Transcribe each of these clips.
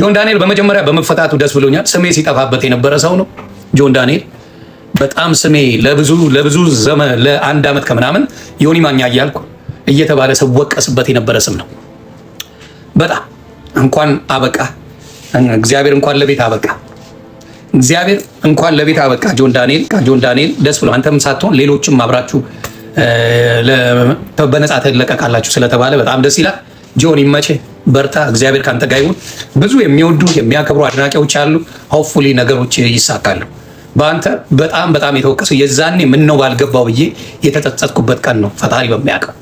ጆን ዳንኤል በመጀመሪያ በመፈታቱ ደስ ብሎኛል። ስሜ ሲጠፋበት የነበረ ሰው ነው ጆን ዳንኤል። በጣም ስሜ ለብዙ ለብዙ ዘመን ለአንድ ዓመት ከምናምን ዮኒ ማኛ እያልኩ እየተባለ ሰው ወቀስበት የነበረ ስም ነው። በጣም እንኳን አበቃ እግዚአብሔር እንኳን ለቤት አበቃ እግዚአብሔር እንኳን ለቤት አበቃ ጆን ዳንኤል ጆን ዳንኤል ደስ ብሎ አንተም ሳትሆን ሌሎችም አብራችሁ በነፃ ትለቀቃላችሁ ስለተባለ በጣም ደስ ይላል። ጆን ይመቼ፣ በርታ፣ እግዚአብሔር ካንተ ጋር ይሁን። ብዙ የሚወዱ የሚያከብሩ አድናቂዎች አሉ። ሆፕፉሊ ነገሮች ይሳካሉ። በአንተ በጣም በጣም የተወቀሰው የዛኔ ምን ነው ባልገባው ብዬ የተጸጸትኩበት ቀን ነው። ፈጣሪ በሚያውቀው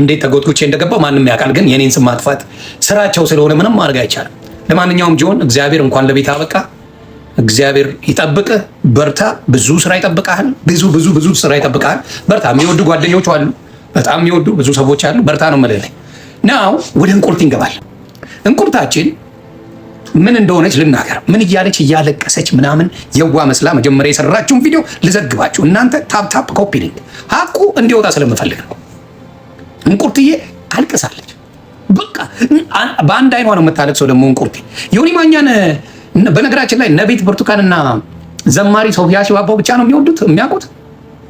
እንዴት ተጎትኩቼ እንደገባው ማንም ያውቃል። ግን የኔን ስም ማጥፋት ስራቸው ስለሆነ ምንም ማድረግ አይቻልም። ለማንኛውም ጆን እግዚአብሔር እንኳን ለቤት አበቃ። እግዚአብሔር ይጠብቅ። በርታ። ብዙ ስራ ይጠብቃል። ብዙ ብዙ ብዙ ስራ ይጠብቃል። በርታ። የሚወዱ ጓደኞች አሉ፣ በጣም የሚወዱ ብዙ ሰዎች አሉ። በርታ ነው የምልህ። ናው ወደ እንቁርት ይንገባል። እንቁርታችን ምን እንደሆነች ልናገር። ምን እያለች እያለቀሰች ምናምን የዋ መስላ መጀመሪያ የሰራችውን ቪዲዮ ልዘግባችሁ። እናንተ ታፕታፕ ኮፒ ሊንክ ሀቁ እንዲወጣ ስለምፈልግ ነው። እንቁርትዬ አልቅሳለች። በቃ በአንድ አይኗ ነው የምታለቅሰው። ደግሞ እንቁርቴ ዮኒ ማኛን በነገራችን ላይ ነቤት ብርቱካንና ዘማሪ ሰውያ ሽባባው ብቻ ነው የሚወዱት የሚያውቁት፣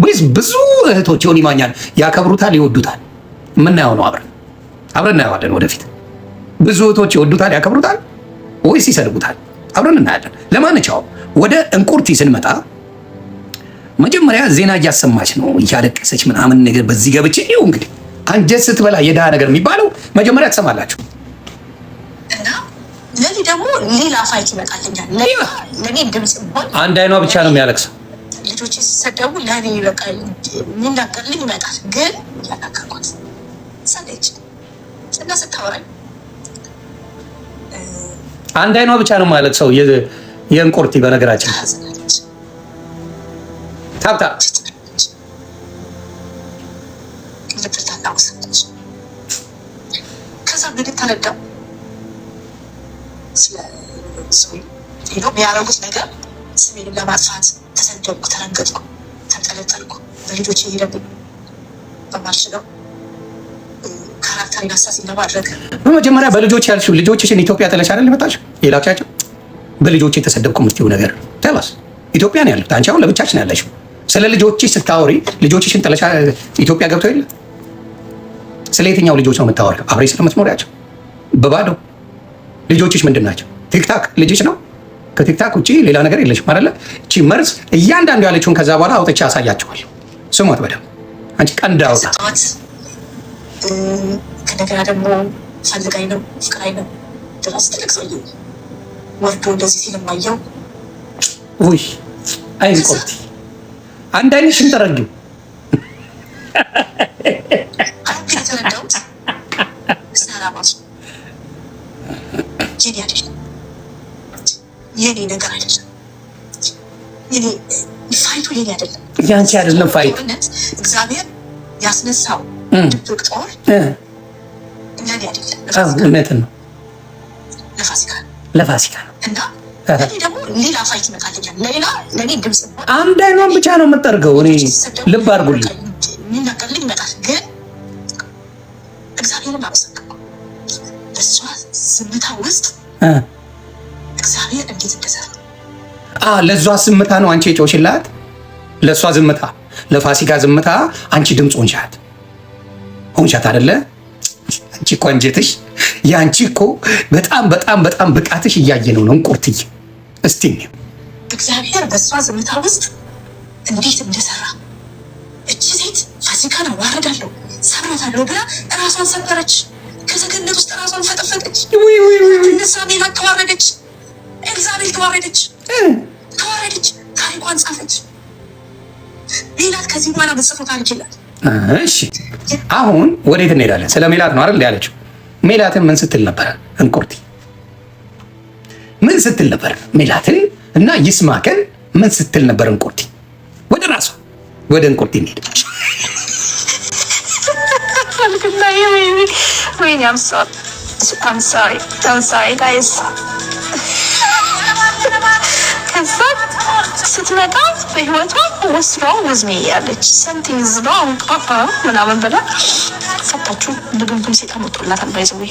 ወይስ ብዙ እህቶች ዮኒ ማኛን ያከብሩታል፣ ይወዱታል? ምናየው ነው አብረን አብረን እናየዋለን። ወደፊት ብዙ እህቶች ይወዱታል፣ ያከብሩታል ወይስ ይሰድቡታል? አብረን እናያለን። ለማንኛውም ወደ እንቁርቲ ስንመጣ መጀመሪያ ዜና እያሰማች ነው እያለቀሰች ምናምን ነገር በዚህ ገብቼ ይኸው እንግዲህ አንጀት ስትበላ የድሃ ነገር የሚባለው መጀመሪያ ትሰማላችሁ። ለዚህ ደግሞ ሌላ ፋይት ይመጣልኛል። ለእኔ ድምፅ ሆን አንድ አይኗ ብቻ ነው የሚያለቅሰው። ልጆች ሲሰደቡ ለእኔ በቃ የሚናገርልኝ ይመጣል፣ ግን ያናገርኳት ሰለች እና ስታወራኝ አንድ አይኗ ብቻ ነው ማለት ሰው የእንቁርቲ በነገራችን ታብታ ከዛ እንግዲህ ተረዳው የሚያደርጉት ነገር ስሜን ለማጥፋት ተሰደብኩ፣ ተረገጥኩ፣ ተንጠለጠልኩ በልጆች ይሄደብኝ በማልችለው በመጀመሪያ በልጆች ያልሽ ልጆችሽን ኢትዮጵያ ጥለሽ አይደል የመጣችው? የላክሻቸው በልጆች የተሰደብኩ ምትይው ነገር ተላስ ኢትዮጵያ ነው ያለው። አንቺ አሁን ያለሽው። ስለ ልጆችሽ ስታወሪ ልጆችሽን ጥለሻ ኢትዮጵያ ገብተው የለ ስለ የትኛው ልጆች ነው የምታወሪው? አብሬ ስለምትኖሪያቸው በባዶ ልጆችሽ ምንድን ናቸው? ቲክታክ ልጅሽ ነው። ከቲክታክ ውጭ ሌላ ነገር የለሽም አይደለ? እቺ መርዝ እያንዳንዱ ያለችውን ከዛ በኋላ አውጥቼ አሳያችኋለሁ። ስሟት በደምብ አንቺ ቀንድ አውጣ እንደገና ደግሞ ፈልጋኝ ነው ፍቅራኝ ነው ድረስ ትልቅ ሰውዬው ወርዶ እንደዚህ ሲል ማየው ውይ አይን ቆርቲ አንድ አይነት ጠረጊው አንድ የኔ ነገር አይደለም የኔ ፋይቱ የኔ አይደለም ያንቺ አይደለም ፋይቱ እግዚአብሔር ያስነሳው ድብቅ ጦር እውነት ነው። ለፋሲካ አንድ አይኗን ብቻ ነው የምጠርገው። እኔ ልብ አድርጉልኝ የሚናገርልኝ ግን ዝምታ ውስጥ እግዚአብሔር እንዴት ለእሷ ዝምታ ነው አንቺ የጮሽላት። ለእሷ ዝምታ፣ ለፋሲካ ዝምታ አንቺ ድምፅ ሆንሻት ሆንሻት አይደለ? አንቺ እኮ አንጀትሽ የአንቺ እኮ በጣም በጣም በጣም ብቃትሽ እያየ ነው። ነው እንቁርትዬ እስቲ እግዚአብሔር በእሷ ዝምታ ውስጥ እንዴት እንደሰራ እቺ ሴት ፋሲካን አዋርዳለሁ ሰራታለሁ ብላ እራሷን ሰበረች። ከሰገነት ውስጥ እራሷን ፈጠፈጠች። እነሳ ቤላ ተዋረደች። ኤልዛቤል ተዋረደች፣ ተዋረደች። ታሪኳን ጻፈች። ሌላት ከዚህ በኋላ መጽፎት ታሪክ እሺ አሁን ወዴት እንሄዳለን? ስለ ሜላት ነው አይደል ያለችው። ሜላትን ምን ስትል ነበር? እንቁርቲ ምን ስትል ነበር? ሜላትን እና ይስማከን ምን ስትል ነበር? እንቁርቲ ወደ ራሷ ወደ እንቁርቲ እንሄድ። ወይኔ አም ሶሪ አም ጋይስ ስትመጣ በህይወቷ ወስሯ ወዝሜ ያለች ሰምቲንግ ዝባ ፓፓ ምናምን ብላ ሰጣችሁ። ድግምቱም ሴጣን ወጥቶላታል። ባይዘዌ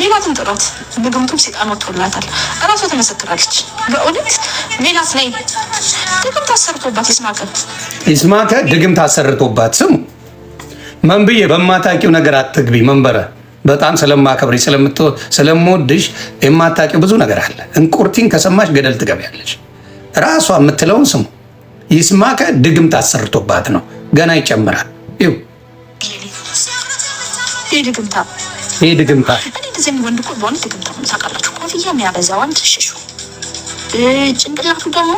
ሜላትን ጥሮት ድግምቱም ሴጣን ወጥቶላታል። እራሷ ትመሰክራለች። በእውነት ሜላት ላይ ድግምት አሰርቶባት ይስማከ ይስማከ ድግምት አሰርቶባት ስሙ መንብዬ በማታቂው ነገር አትግቢ መንበረ በጣም ስለማከብሪ ስለምወድሽ የማታቂው ብዙ ነገር አለ። እንቁርቲን ከሰማሽ ገደል ትገቢያለሽ። ራሷ የምትለውን ስሙ። ይስማከ ድግምት አሰርቶባት ነው። ገና ይጨምራል። ይህ ድግምታ ጭንቅላቱ ደግሞ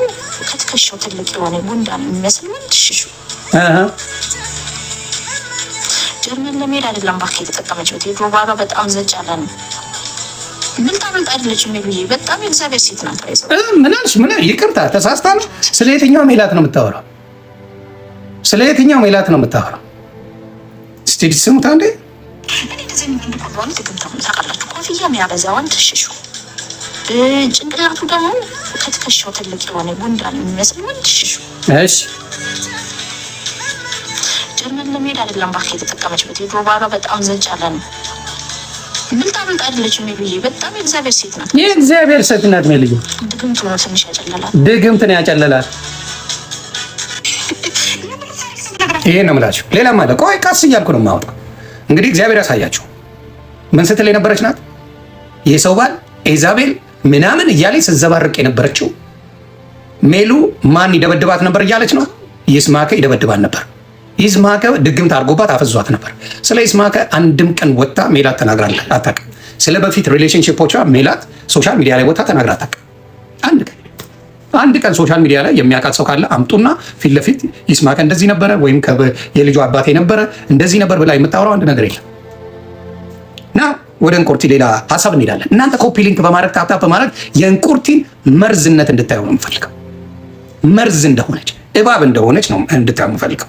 ከትከሻው ትልቅ የሆነ ጎንዳ የሚመስል ትሽሹ ጀርመን ለመሄድ አይደለም ባካ የተጠቀመችበት የድሮ ባሏ በጣም ዘጫለ ነው። ምን ታመጣለች? ሜሉዬ በጣም የእግዚአብሔር ሴት ናት። ምናልሽ ምን ይቅርታ ተሳስታ ነው። ስለ የትኛው ሜላት ነው የምታወራው? ስለ የትኛው ሜላት ነው የምታወራው? ስቴጅ ስሙታ እንዴ ኮፍያ የሚያበዛ ወንድ ሽሹ ጭንቅላቱ ደግሞ ከትከሻው ትልቅ የሆነ ጉንዳን የሚመስል ወንድ ሽሹ። እሺ ጀርመን ለመሄድ አይደለም ባካ የተጠቀመችበት የድሮ ባሏ በጣም ዘንጫለ ነው የእግዚአብሔር ሴት ናት። የእግዚአብሔር ሴት ናት ድግምት ነው ትንሽ ያጨለላት፣ ይሄ ነው የምላችሁ። ሌላም አለ። ቆይ ቀስ እያልኩ ነው የማወጣው። እንግዲህ እግዚአብሔር ያሳያችሁ። ምን ስትል የነበረች ናት? የሰው ባል ኤዛቤል ምናምን እያለች ስትዘባርቅ የነበረችው ሜሉ ማን ይደበድባት ነበር እያለች ነው። ይስማከ ይደበድባት ነበር ይስማከ ድግምት አድርጎባት አፈዟት ነበር። ስለ ይስማዕከ አንድም ቀን ወጥታ ሜላት ተናግራለ አታውቅም። ስለ በፊት ሪሌሽንሽፖቿ ሜላት ሶሻል ሚዲያ ላይ ወጥታ ተናግራ አታውቅም። አንድ ቀን አንድ ቀን ሶሻል ሚዲያ ላይ የሚያውቃት ሰው ካለ አምጡና ፊት ለፊት ይስማዕከ እንደዚህ ነበረ ወይም የልጁ አባቴ ነበረ እንደዚህ ነበር ብላ የምታወራው አንድ ነገር የለም። ና ወደ እንቁርቲ ሌላ ሀሳብ እንሄዳለን። እናንተ ኮፒ ሊንክ በማድረግ ታፕታፕ በማድረግ የእንቁርቲን መርዝነት እንድታየው ነው የምፈልገው። መርዝ እንደሆነች እባብ እንደሆነች ነው እንድታየው የምፈልገው።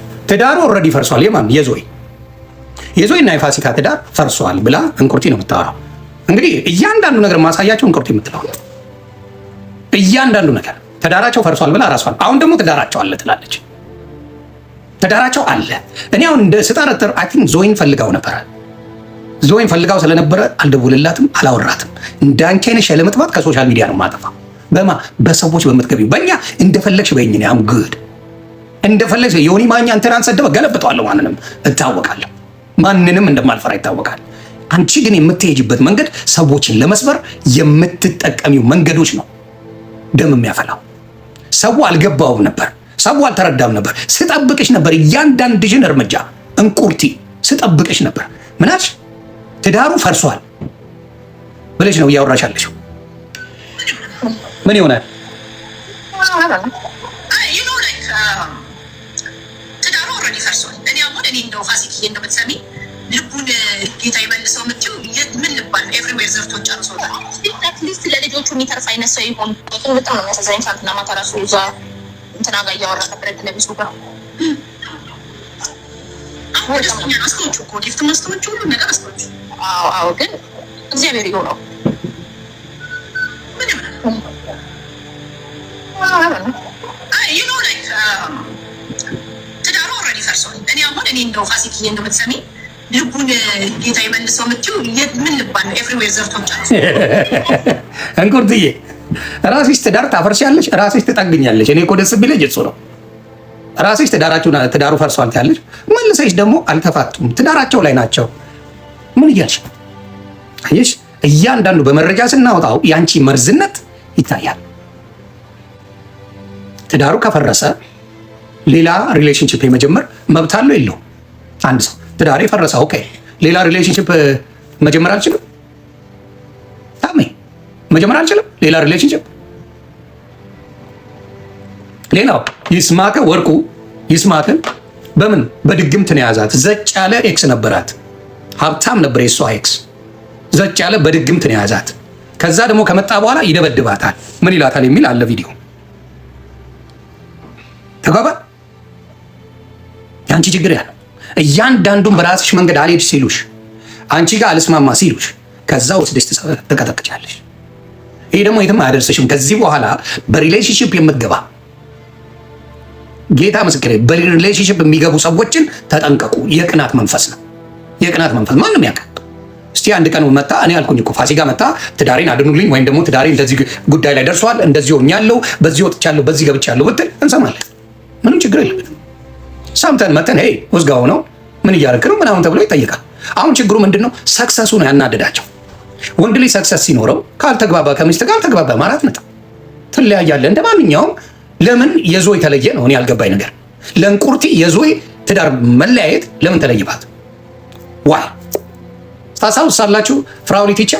ትዳሩ ኦልሬዲ ፈርሷል። የማን የዞይ የዞይ እና የፋሲካ ትዳር ፈርሷል ብላ እንቁርቲ ነው የምታወራው። እንግዲህ እያንዳንዱ ነገር ማሳያቸው እንቁርቲ የምትለው እያንዳንዱ ነገር ትዳራቸው ፈርሷል ብላ ራሷል። አሁን ደግሞ ትዳራቸው አለ ትላለች። ትዳራቸው አለ። እኔ አሁን እንደ ስጠረጥር አይ ቲንክ ዞይን ፈልጋው ነበረ። ዞይን ፈልጋው ስለነበረ አልደውልላትም፣ አላወራትም። እንዳንቺ አይነት ሸለመጥፋት ከሶሻል ሚዲያ ነው ማጠፋ በማ በሰዎች በምትገቢው በእኛ እንደፈለግሽ በይኝ ነው አም ግድ እንደፈለግ ዮኒ ማኛ እንትናን ሰደበ፣ ገለብጠዋለሁ። ማንንም እታወቃለሁ፣ ማንንም እንደማልፈራ ይታወቃል። አንቺ ግን የምትሄጅበት መንገድ ሰዎችን ለመስበር የምትጠቀሚው መንገዶች ነው ደም የሚያፈላው። ሰው አልገባውም ነበር፣ ሰው አልተረዳም ነበር። ስጠብቅሽ ነበር፣ እያንዳንድሽን እርምጃ እንቁርቲ ስጠብቅሽ ነበር። ምናች ትዳሩ ፈርሷል ብለሽ ነው እያወራሽ አለሽው። ምን ይሆናል? ፍቅርን ይፈርሷል። እኔ አሁን እኔ እንደው ፋሲክዬ እንደው ብትሰሚ ልቡን ጌታ ይመልሰው የምትይው ምን ልባል ኤቭሪዌር ዘርቶ ጨርሶ አትሊስት ለልጆቹ የሚተርፍ አይነት ሰው ይሆን። በጣም ነው የሚያሳዝነኝ። ትናንትና ማታ ራሱ ይዛ እንትና ጋር እያወራ ነበረ ለብሱ ጋር አስቶቹ እኮ ጊፍት ማስቶቹ ሁሉ ነገር አስቶቹ። አዎ ግን እግዚአብሔር ይሆነው ምንም ይኖ ላይክ um, ሰው እኔ አሁን እኔ እንደው ፋሲክዬ እንደው ብትሰሚ ልቡን ጌታ ይመልሰው የምትይው ምን ልባል ነው? ኤፍሪዌር ዘርቶች አሉ። እንቁርትዬ ራስሽ ትዳር ታፈርሻለሽ፣ ራስሽ ትጠግኛለሽ። እኔ እኮ ደስ ቢለኝ እሱ ነው። ራስሽ ትዳራችሁ ትዳሩ ፈርሷል ትያለሽ፣ መልሰሽ ደግሞ አልተፋቱም ትዳራቸው ላይ ናቸው። ምን እያልሽ አየሽ? እያንዳንዱ በመረጃ ስናወጣው የአንቺ መርዝነት ይታያል። ትዳሩ ከፈረሰ ሌላ ሪሌሽንሽፕ የመጀመር መብት አለው የለው? አንድ ሰው ትዳሬ ፈረሰ፣ ኦኬ፣ ሌላ ሪሌሽንሽፕ መጀመር አልችልም፣ ታሜ መጀመር አልችልም፣ ሌላ ሪሌሽንሽፕ። ሌላው ይስማከ ወርቁ ይስማከን በምን በድግምት ነው የያዛት። ዘጭ ያለ ኤክስ ነበራት፣ ሀብታም ነበር የእሷ ኤክስ። ዘጭ ያለ በድግምት ነው የያዛት። ከዛ ደግሞ ከመጣ በኋላ ይደበድባታል። ምን ይላታል የሚል አለ ቪዲዮ ተጓባ የአንቺ ችግር ያለው እያንዳንዱን በራስሽ መንገድ አልሄድ ሲሉሽ፣ አንቺ ጋር አልስማማ ሲሉሽ፣ ከዛ ወስደሽ ትቀጠቅጫለሽ። ይሄ ደግሞ የትም አያደርሰሽም። ከዚህ በኋላ በሪሌሽንሽፕ የምትገባ ጌታ ምስክር፣ በሪሌሽንሽፕ የሚገቡ ሰዎችን ተጠንቀቁ። የቅናት መንፈስ ነው። የቅናት መንፈስ ማንም ያቀ እስቲ አንድ ቀን መጣ እኔ አልኩኝ እኮ ፋሲካ መጣ ትዳሬን አድኑልኝ፣ ወይም ደግሞ ትዳሬ እንደዚህ ጉዳይ ላይ ደርሷል፣ እንደዚህ ሆኛለሁ፣ በዚህ ወጥቻለሁ፣ በዚህ ገብቻለሁ ብትል እንሰማለን። ምንም ችግር የለብንም። ሰምተን መተን ሄይ ውዝጋው ነው ምን እያደረክ ነው ምናምን ተብሎ ይጠይቃል። አሁን ችግሩ ምንድን ነው? ሰክሰሱ ነው ያናደዳቸው። ወንድ ልጅ ሰክሰስ ሲኖረው ካልተግባባ ከሚስት ጋር አልተግባባ ማለት ነው። ትለያያለህ እንደ ማንኛውም። ለምን የዞ የተለየ ነው እኔ ያልገባኝ ነገር። ለእንቁርቲ የዞ ትዳር መለያየት ለምን ተለይባት? ዋይ ታሳውስ ሳላችሁ ፍራውሊት ይቻ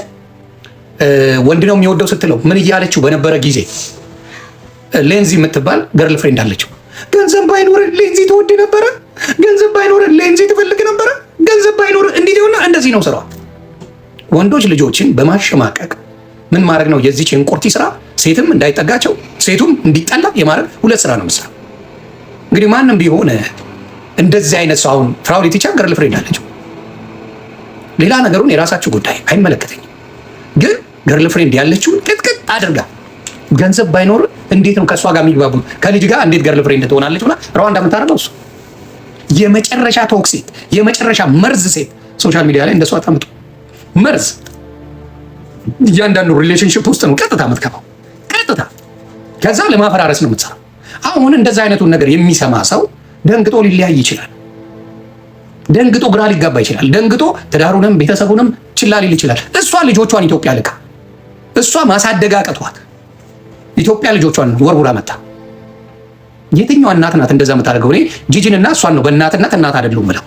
ወንድ ነው የሚወደው ስትለው ምን እያለችው በነበረ ጊዜ ሌንዚ የምትባል ገርል ፍሬንድ አለችው። ገንዘብ ባይኖር ሌንዚ ትወድ ነበረ? ገንዘብ ባይኖር ሌንዚ ትፈልግ ነበረ? ገንዘብ ባይኖር እንዲህ ይሆና። እንደዚህ ነው ስራ ወንዶች ልጆችን በማሸማቀቅ ምን ማድረግ ነው የዚህ እንቁርቲ ስራ? ሴትም እንዳይጠጋቸው ሴቱም እንዲጠላ የማድረግ ሁለት ስራ ነው ምሳ እንግዲህ ማንም ቢሆን እንደዚህ አይነት ሰው አሁን ፍራውሊ ቲቸር ገርል ፍሬንድ ሌላ ነገሩን የራሳችሁ ጉዳይ አይመለከተኝም። ግን ገርል ፍሬንድ ያለችውን ቅጥቅጥ አድርጋ ገንዘብ ባይኖር እንዴት ነው ከእሷ ጋር የሚግባቡ? ከልጅ ጋር እንዴት ገርል ፍሬንድ ትሆናለች ብላ ሩዋንዳ የምታደርገው እሱ የመጨረሻ ቶክ ሴት፣ የመጨረሻ መርዝ ሴት ሶሻል ሚዲያ ላይ እንደሷ ታምጡ መርዝ እያንዳንዱ ሪሌሽንሽፕ ውስጥ ነው ቀጥታ የምትከፋው፣ ቀጥታ ከዛ ለማፈራረስ ነው የምትሰራው። አሁን እንደዛ አይነቱን ነገር የሚሰማ ሰው ደንግጦ ሊለያይ ይችላል። ደንግጦ ግራ ሊጋባ ይችላል። ደንግጦ ትዳሩንም ቤተሰቡንም ችላ ሊል ይችላል። እሷ ልጆቿን ኢትዮጵያ ልካ እሷ ማሳደግ አቅቷት ኢትዮጵያ ልጆቿን ወርውራ መታ። የትኛዋ እናት ናት እንደዛ የምታደርገው? እኔ ጂጂን እና እሷን ነው በእናትነት እናት አይደሉም ብለው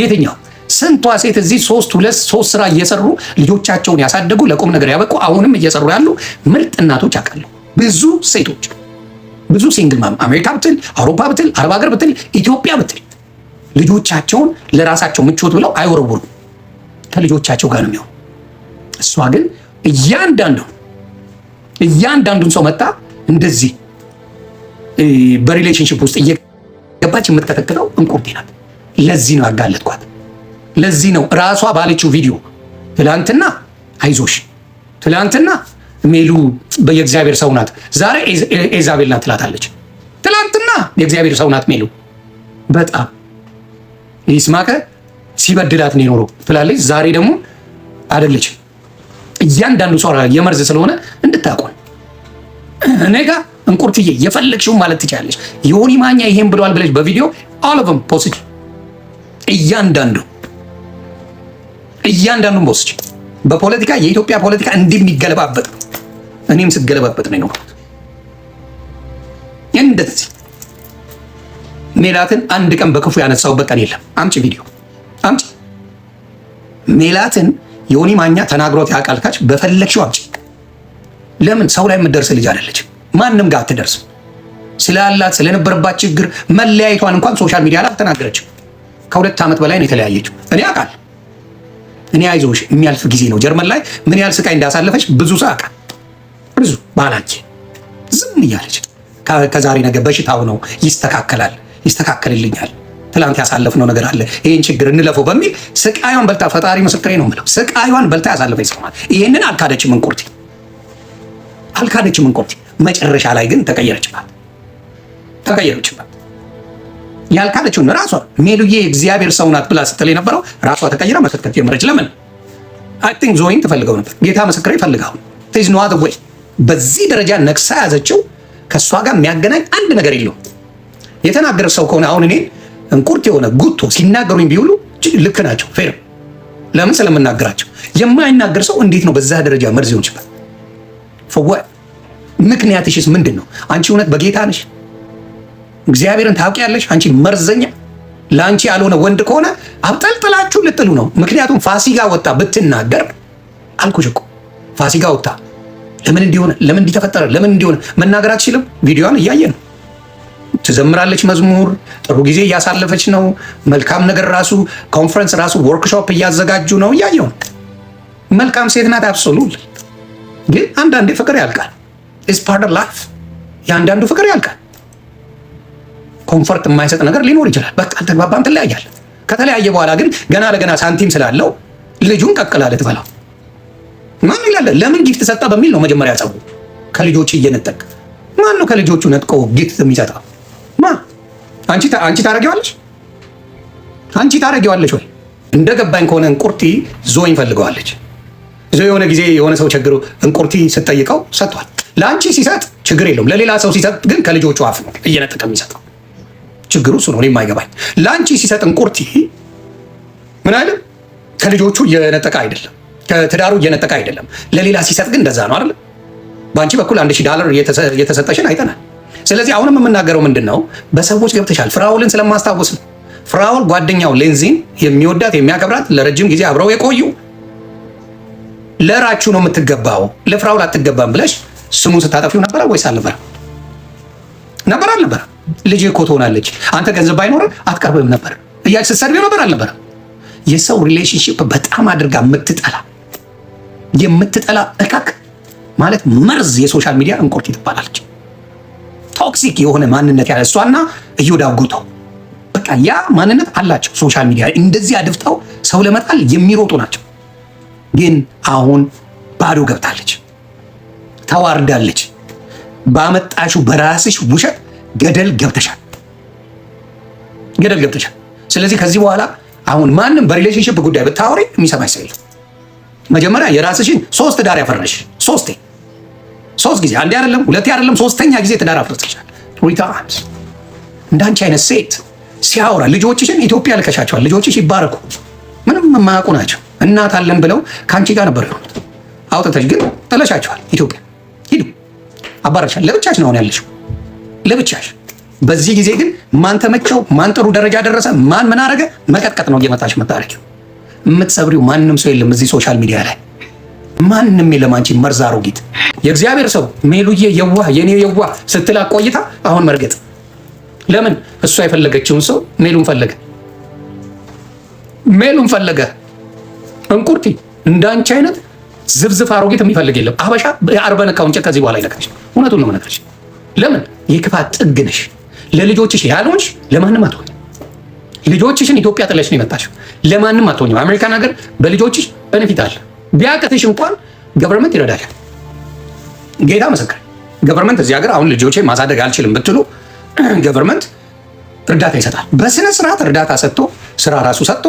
የትኛው ስንቷ ሴት እዚህ ሶስት ሁለት ሶስት ስራ እየሰሩ ልጆቻቸውን ያሳደጉ ለቁም ነገር ያበቁ አሁንም እየሰሩ ያሉ ምርጥ እናቶች አውቃለሁ። ብዙ ሴቶች ብዙ ሲንግል ማም አሜሪካ ብትል አውሮፓ ብትል አረብ ሀገር ብትል ኢትዮጵያ ብትል ልጆቻቸውን ለራሳቸው ምቾት ብለው አይወረውሩም። ከልጆቻቸው ጋር ነው የሚሆኑ። እሷ ግን እያንዳንዱ እያንዳንዱን ሰው መጣ እንደዚህ በሪሌሽንሽፕ ውስጥ እየገባች የምትከተክተው እንቁርቴ ናት። ለዚህ ነው ያጋለጥኳት። ለዚህ ነው ራሷ ባለችው ቪዲዮ ትላንትና አይዞሽ፣ ትላንትና ሜሉ የእግዚአብሔር ሰው ናት፣ ዛሬ ኤዛቤል ናት ትላታለች። ትላንትና የእግዚአብሔር ሰው ናት ሜሉ በጣም ይስማከ ሲበድላት ነው የኖረው ትላለች። ዛሬ ደግሞ አይደለችም። እያንዳንዱ ሰው የመርዝ ስለሆነ እንድታውቋል። እኔ ጋ እንቁርቹዬ የፈለግሽውን ማለት ትችላለች። የሆኒ ማኛ ይሄን ብለዋል ብለሽ በቪዲዮ አለም ፖስች፣ እያንዳንዱ እያንዳንዱን ፖስች። በፖለቲካ የኢትዮጵያ ፖለቲካ እንዲህ እኔም ስገለባበጥ ነው የኖርኩት። እንደዚህ ሜላትን አንድ ቀን በክፉ ያነሳውበት ቀን የለም። አምጪ ቪዲዮ አምጪ ሜላትን ዮኒ ማኛ ተናግሮት ያቃልካች በፈለግሽው አምጪ። ለምን ሰው ላይ የምትደርስ ልጅ አይደለች። ማንም ጋር አትደርስም። ስላላት ስለነበረባት ችግር መለያየቷን እንኳን ሶሻል ሚዲያ ላይ አልተናገረችም። ከሁለት ዓመት በላይ ነው የተለያየችው። እኔ አውቃል። እኔ አይዞሽ የሚያልፍ ጊዜ ነው። ጀርመን ላይ ምን ያህል ስቃይ እንዳሳለፈች ብዙ ሰው አውቃል። ብዙ ባላንቺ ዝም እያለች ከዛሬ ነገ በሽታው ነው ይስተካከላል፣ ይስተካከልልኛል ትላንት ያሳለፍነው ነገር አለ፣ ይህን ችግር እንለፈው በሚል ስቃዩን በልታ ፈጣሪ ምስክሬ ነው የምለው ስቃዩን በልታ ያሳለፈ ይሰማል። ይህንን አልካደችም እንቁርቲ አልካደችም እንቁርቲ። መጨረሻ ላይ ግን ተቀየረችባት ተቀየረችባት። ያልካደችውን ራሷ ሜሉዬ እግዚአብሔር ሰው ናት ብላ ስትል የነበረው ራሷ ተቀይራ መስከት ጀመረች። ለምን አይ ቲንክ ዞይን ትፈልገው ነበር። ጌታ ምስክሬ ይፈልጋው ቴዝ ነዋት ወይ በዚህ ደረጃ ነክሳ ያዘችው። ከእሷ ጋር የሚያገናኝ አንድ ነገር የለውም። የተናገረ ሰው ከሆነ አሁን እኔ እንቁርት የሆነ ጉቶ ሲናገሩኝ ቢውሉ ልክ ናቸው። ፌር ለምን ስለምናገራቸው። የማይናገር ሰው እንዴት ነው በዛ ደረጃ መርዝ ሆን ይችላል? ፈዋ ምክንያትሽስ ምንድን ነው? አንቺ እውነት በጌታ ነሽ? እግዚአብሔርን ታውቂያለሽ? አንቺ መርዘኛ ለአንቺ ያልሆነ ወንድ ከሆነ አብጠልጥላችሁ ልጥሉ ነው። ምክንያቱም ፋሲካ ወጣ ብትናገር አልኩሽ እኮ ፋሲካ ወጣ ለምን እንዲሆነ ለምን እንዲተፈጠረ ለምን እንዲሆነ መናገር አትችልም። ቪዲዮን እያየ ነው። ትዘምራለች መዝሙር። ጥሩ ጊዜ እያሳለፈች ነው። መልካም ነገር ራሱ ኮንፈረንስ ራሱ ወርክሾፕ እያዘጋጁ ነው። እያየው መልካም ሴት ናት። አብሶሉል ግን አንዳንዴ ፍቅር ያልቃል። ኢዝ ፓርት ላይፍ። የአንዳንዱ ፍቅር ያልቃል። ኮንፈርት የማይሰጥ ነገር ሊኖር ይችላል። በቃ አልተግባባም፣ ትለያያል። ከተለያየ በኋላ ግን ገና ለገና ሳንቲም ስላለው ልጁን ቀቅላለ ትበላው። ማን ይላል? ለምን ጊፍት ሰጣ በሚል ነው መጀመሪያ ጸቡ ከልጆች እየነጠቅ ማን ነው ከልጆቹ ነጥቆ ጊፍት የሚሰጣው? አንቺ አንቺ ታረጊዋለሽ አንቺ ታረጊዋለሽ ወይ? እንደገባኝ ከሆነ እንቁርቲ ዞኝ ፈልገዋለች። ዞ የሆነ ጊዜ የሆነ ሰው ችግሩ እንቁርቲ ስትጠይቀው ሰጥቷል። ለአንቺ ሲሰጥ ችግር የለውም። ለሌላ ሰው ሲሰጥ ግን ከልጆቹ አፍ ነው እየነጠቀ የሚሰጠው። ችግሩ እሱ ነው። እኔም አይገባኝ። ለአንቺ ሲሰጥ እንቁርቲ ምን አይልም። ከልጆቹ እየነጠቀ አይደለም፣ ከትዳሩ እየነጠቀ አይደለም። ለሌላ ሲሰጥ ግን እንደዛ ነው አይደለም። በአንቺ በኩል አንድ ሺህ ዳላር የተሰጠሽን አይተናል። ስለዚህ አሁንም የምናገረው ምንድን ነው፣ በሰዎች ገብተሻል። ፍራውልን ስለማስታወስ ነው። ፍራውል ጓደኛው ሌንዚን የሚወዳት የሚያከብራት፣ ለረጅም ጊዜ አብረው የቆዩ ለራችሁ ነው የምትገባው፣ ለፍራውል አትገባም ብለሽ ስሙን ስታጠፊው ነበረ ወይስ አልነበረ? ነበር አልነበረ? ልጅ እኮ ትሆናለች፣ አንተ ገንዘብ ባይኖር አትቀርብም ነበር እያልሽ ስትሰድቢው ነበር አልነበረ? የሰው ሪሌሽንሽፕ በጣም አድርጋ የምትጠላ የምትጠላ እካክ ማለት መርዝ የሶሻል ሚዲያ እንቁርት ትባላለች። ቶክሲክ የሆነ ማንነት ያለ እሷና እዮዳ በቃ ያ ማንነት አላቸው። ሶሻል ሚዲያ እንደዚህ አድፍጠው ሰው ለመጣል የሚሮጡ ናቸው። ግን አሁን ባዶ ገብታለች፣ ተዋርዳለች። ባመጣሹ በራስሽ ውሸት ገደል ገብተሻል፣ ገደል ገብተሻል። ስለዚህ ከዚህ በኋላ አሁን ማንም በሪሌሽንሽፕ ጉዳይ ብታወሪ የሚሰማሽ ሰው የለም። መጀመሪያ የራስሽን ሶስት ዳር ያፈራሽ ሶስቴ ሶስት ጊዜ አንዴ አይደለም ሁለቴ አይደለም ሶስተኛ ጊዜ ትዳር አፍርተሻል። ሪታ አምስ እንዳንቺ አይነት ሴት ሲያወራ ልጆችሽን ኢትዮጵያ ልከሻቸዋል። ልጆችሽ ይባረኩ፣ ምንም የማያውቁ ናቸው። እናት አለን ብለው ከአንቺ ጋር ነበር የሆኑት። አውጥተሽ ግን ጥለሻቸዋል። ኢትዮጵያ ሂዱ፣ አባረሻል። ለብቻሽ ነው አሁን ያለሽው፣ ለብቻሽ። በዚህ ጊዜ ግን ማን ተመቸው፣ ማን ጥሩ ደረጃ ደረሰ፣ ማን ምን አደረገ፣ መቀጥቀጥ ነው እየመጣሽ መታረቂው። የምትሰብሪው ማንም ሰው የለም እዚህ ሶሻል ሚዲያ ላይ ማንም የለም አንቺ መርዝ አሮጊት። የእግዚአብሔር ሰው ሜሉዬ የዋ የኔ የዋ ስትላ ቆይታ አሁን መርገጥ ለምን እሷ የፈለገችውን ሰው ሜሉን ፈለገ ሜሉን ፈለገ። እንቁርቲ እንዳንቺ አይነት ዝብዝፍ አሮጌት የሚፈልግ የለም። አበሻ የአርበን ካውንጨ ከዚህ በኋላ ይነካሽ። እውነቱን ነው የምነግርሽ። ለምን የክፋት ጥግ ነሽ። ለልጆችሽ ያልሆንሽ ለማንም አትሆኝ። ልጆችሽን ኢትዮጵያ ጥለሽ ነው የመጣሽው። ለማንም አትሆኝም። አሜሪካን ሀገር በልጆችሽ በነፊት አለ ቢያቅትሽ እንኳን ገቨርንመንት ይረዳሻል። ጌታ መሰከረ። ገቨርንመንት እዚህ ሀገር አሁን ልጆቼ ማሳደግ አልችልም ብትሉ ገቨርመንት እርዳታ ይሰጣል። በስነ ስርዓት እርዳታ ሰጥቶ ስራ ራሱ ሰጥቶ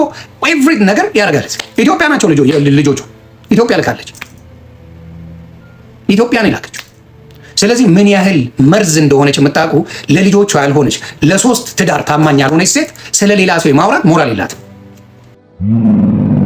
ኤቭሪ ነገር ያደርጋል። ኢትዮጵያ ናቸው ልጆቹ። ኢትዮጵያ ልካለች። ኢትዮጵያ ነው የላከችው። ስለዚህ ምን ያህል መርዝ እንደሆነች የምታውቁ ለልጆቿ ያልሆነች ለሶስት ትዳር ታማኝ ያልሆነች ሴት ስለ ሌላ ሰው የማውራት ሞራል የላትም።